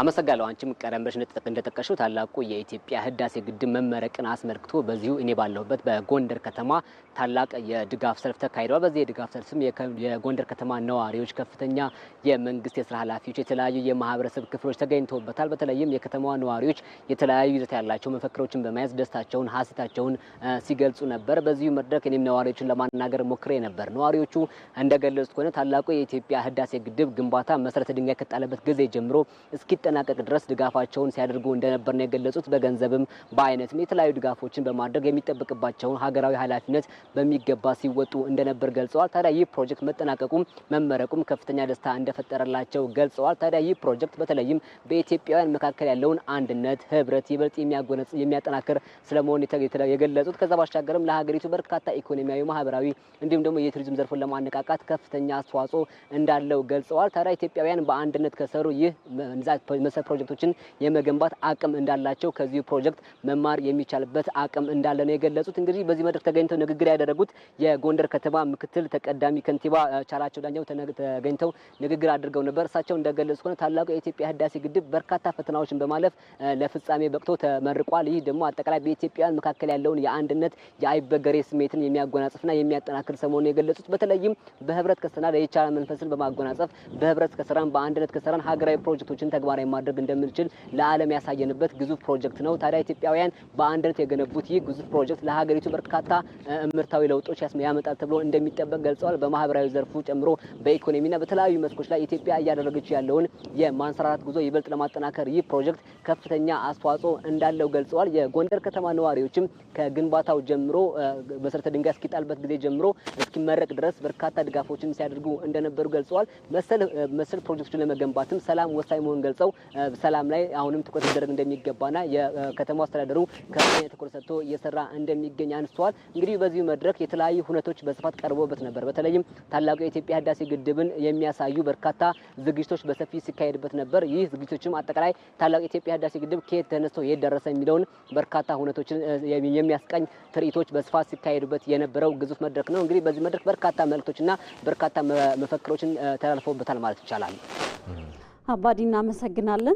አመሰጋለሁ። አንቺም ቀደም ብለሽ እንደጠቀሽው ታላቁ የኢትዮጵያ ህዳሴ ግድብ መመረቅን አስመልክቶ በዚሁ እኔ ባለሁበት በጎንደር ከተማ ታላቅ የድጋፍ ሰልፍ ተካሂዷል። በዚህ የድጋፍ ሰልፍም የጎንደር ከተማ ነዋሪዎች፣ ከፍተኛ የመንግስት የስራ ኃላፊዎች፣ የተለያዩ የማህበረሰብ ክፍሎች ተገኝተውበታል። በተለይም የከተማዋ ነዋሪዎች የተለያዩ ይዘት ያላቸው መፈክሮችን በመያዝ ደስታቸውን፣ ሀሴታቸውን ሲገልጹ ነበር። በዚሁ መድረክ እኔም ነዋሪዎችን ለማናገር ሞክሬ ነበር። ነዋሪዎቹ እንደገለጹት ከሆነ ታላቁ የኢትዮጵያ ህዳሴ ግድብ ግንባታ መሰረተ ድንጋይ ከጣለበት ጊዜ ጀምሮ እስኪ እስኪጠናቀቅ ድረስ ድጋፋቸውን ሲያደርጉ እንደነበር ነው የገለጹት። በገንዘብም በአይነትም የተለያዩ ድጋፎችን በማድረግ የሚጠበቅባቸውን ሀገራዊ ኃላፊነት በሚገባ ሲወጡ እንደነበር ገልጸዋል። ታዲያ ይህ ፕሮጀክት መጠናቀቁም መመረቁም ከፍተኛ ደስታ እንደፈጠረላቸው ገልጸዋል። ታዲያ ይህ ፕሮጀክት በተለይም በኢትዮጵያውያን መካከል ያለውን አንድነት፣ ህብረት ይበልጥ የሚያጎነጽ የሚያጠናክር ስለመሆን የገለጹት ከዛ ባሻገርም ለሀገሪቱ በርካታ ኢኮኖሚያዊ፣ ማህበራዊ እንዲሁም ደግሞ የቱሪዝም ዘርፉን ለማነቃቃት ከፍተኛ አስተዋጽኦ እንዳለው ገልጸዋል። ታዲያ ኢትዮጵያውያን በአንድነት ከሰሩ ይህ መሰል ፕሮጀክቶችን የመገንባት አቅም እንዳላቸው ከዚሁ ፕሮጀክት መማር የሚቻልበት አቅም እንዳለ ነው የገለጹት። እንግዲህ በዚህ መድረክ ተገኝተው ንግግር ያደረጉት የጎንደር ከተማ ምክትል ተቀዳሚ ከንቲባ ቻላቸው ዳኛው ተገኝተው ንግግር አድርገው ነበር። እሳቸው እንደገለጹ ከሆነ ታላቁ የኢትዮጵያ ህዳሴ ግድብ በርካታ ፈተናዎችን በማለፍ ለፍጻሜ በቅቶ ተመርቋል። ይህ ደግሞ አጠቃላይ በኢትዮጵያውያን መካከል ያለውን የአንድነት የአይበገሬ ስሜትን የሚያጎናጽፍና የሚያጠናክር ሰሞኑን የገለጹት በተለይም በህብረት ከሰናል የቻለ መንፈስን በማጎናጸፍ በህብረት ከስራን በአንድነት ከስራን ሀገራዊ ፕሮጀክቶችን ተግባራዊ ተግባራዊ ማድረግ እንደምንችል ለዓለም ያሳየንበት ግዙፍ ፕሮጀክት ነው። ታዲያ ኢትዮጵያውያን በአንድነት የገነቡት ይህ ግዙፍ ፕሮጀክት ለሀገሪቱ በርካታ ምርታዊ ለውጦች ያመጣል ተብሎ እንደሚጠበቅ ገልጸዋል። በማህበራዊ ዘርፉ ጨምሮ በኢኮኖሚና በተለያዩ መስኮች ላይ ኢትዮጵያ እያደረገች ያለውን የማንሰራራት ጉዞ ይበልጥ ለማጠናከር ይህ ፕሮጀክት ከፍተኛ አስተዋጽኦ እንዳለው ገልጸዋል። የጎንደር ከተማ ነዋሪዎችም ከግንባታው ጀምሮ መሰረተ ድንጋይ እስኪጣልበት ጊዜ ጀምሮ እስኪመረቅ ድረስ በርካታ ድጋፎችን ሲያደርጉ እንደነበሩ ገልጸዋል። መሰል ፕሮጀክቶችን ለመገንባትም ሰላም ወሳኝ መሆን ገልጸው ሰላም ላይ አሁንም ትኩረት ሊደረግ እንደሚገባና የከተማው አስተዳደሩ ከፍተኛ ትኩረት ሰጥቶ እየሰራ እንደሚገኝ አንስተዋል። እንግዲህ በዚሁ መድረክ የተለያዩ ሁነቶች በስፋት ቀርቦበት ነበር። በተለይም ታላቁ የኢትዮጵያ ህዳሴ ግድብን የሚያሳዩ በርካታ ዝግጅቶች በሰፊ ሲካሄድበት ነበር። ይህ ዝግጅቶችም አጠቃላይ ታላቁ የኢትዮጵያ ህዳሴ ግድብ ከየት ተነስቶ የት ደረሰ የሚለውን በርካታ ሁነቶችን የሚያስቀኝ ትርኢቶች በስፋት ሲካሄዱበት የነበረው ግዙፍ መድረክ ነው። እንግዲህ በዚህ መድረክ በርካታ መልእክቶችና በርካታ መፈክሮችን ተላልፈውበታል ማለት ይቻላል። አባዲ እናመሰግናለን።